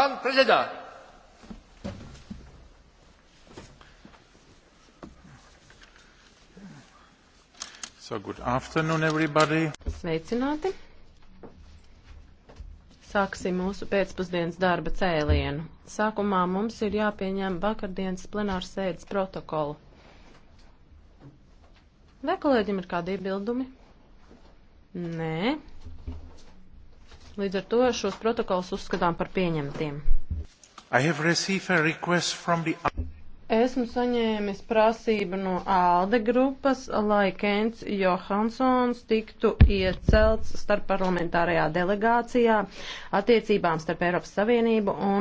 Pan prezydent. So good afternoon everybody. Sveicināti. Sāksim mūsu pēcpusdienas darba cēlienu. Sākumā mums ir jāpieņem vakardienas plenāras sēdes protokolu. Vai kolēģim ir kādi iebildumi? Nē. Līdz ar to šos protokols uzskatām par pieņemtiem. The... Esmu saņēmis prasību no ALDE grupas, lai Kents Johansons tiktu iecelts starp parlamentārajā delegācijā attiecībām starp Eiropas Savienību un